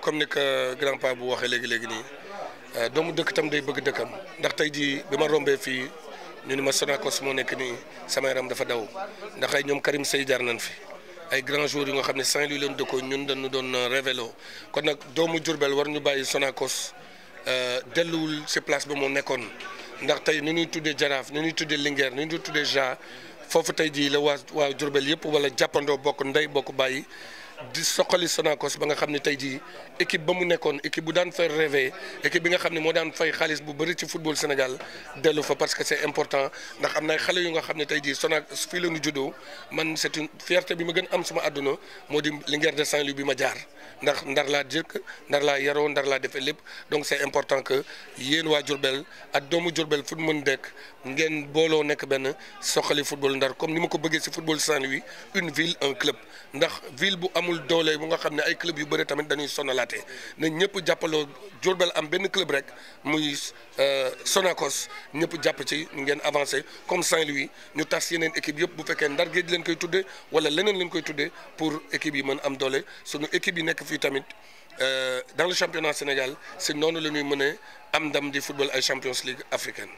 comme ni que grand pa bu waxee léegi léegi nii euh, doomu dëkk tam day bëgg dëkkam ndax tey jii bi ma rombee fii ñu ni ma Sonacos moo nekk nii sama yaram dafa daw ndax ay ñoom Karim Sey jaar nañ fi ay grands jours yu nga xam ne Saint-Louis leen dëkkoon ñun dañu doon euh, révélo kon nag doomu Diourbel war ñu bàyyi Sonacos euh, delluwul ci place bi moo nekkoon ndax tey ni ñuy tuddee Jaraaf ni ñuy tuddee Linguère ni ñuy tuddee Ja foofu tey jii la waa waa Diourbel yëpp wala jàppandoo bokk ndey bokk bàyyi di soqali Sonacos ba nga xam ne tey jii équipe ba mu nekkoon équipe bu daan fay rêver équipe bi nga xam ne moo daan fay xaalis bu bëri ci football Sénégal dellu fa parce que c'est important ndax am na xale yu nga xam ne tey jii Sonacos fii la ñu juddoo man c'est une bi ma gën am sama àdduna moo di Linguère de saint bi ma jaar ndax ndar laa jëkk ndar laa yaroo ndar laa defee lépp donc c'est important yéen waa Diourbel ak doomu Diourbel fu mën dekk ngeen booloo nekk benn soqali football ndar comme ni ma ko bëggee ci football Saint-Louis une ville un club ndax ville bu am mu doole bu nga xam ne ay club yu bëri tamit dañuy sonalaate na ñëpp jàppaloo Diourbel am benn club rek muy euh, Sonacos ñëpp jàpp ci ngeen avancé comme Saint-Louis ñu tas yeneen équipe yëpp bu fekkee Ndar Géej leen koy tuddee wala leneen leen koy tudde pour équipe yi mën am doole suñu équipe yi nekk fii tamit euh, dans le championnat Sénégal si noonu la ñuy mën a am ndam di football ay Champions League africaine